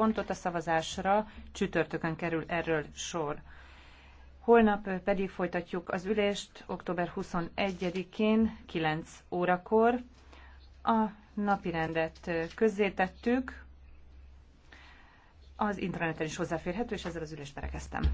pontot a szavazásra, csütörtökön kerül erről sor. Holnap pedig folytatjuk az ülést október 21-én 9 órakor. A napirendet közzétettük, az interneten is hozzáférhető, és ezzel az ülést berekeztem.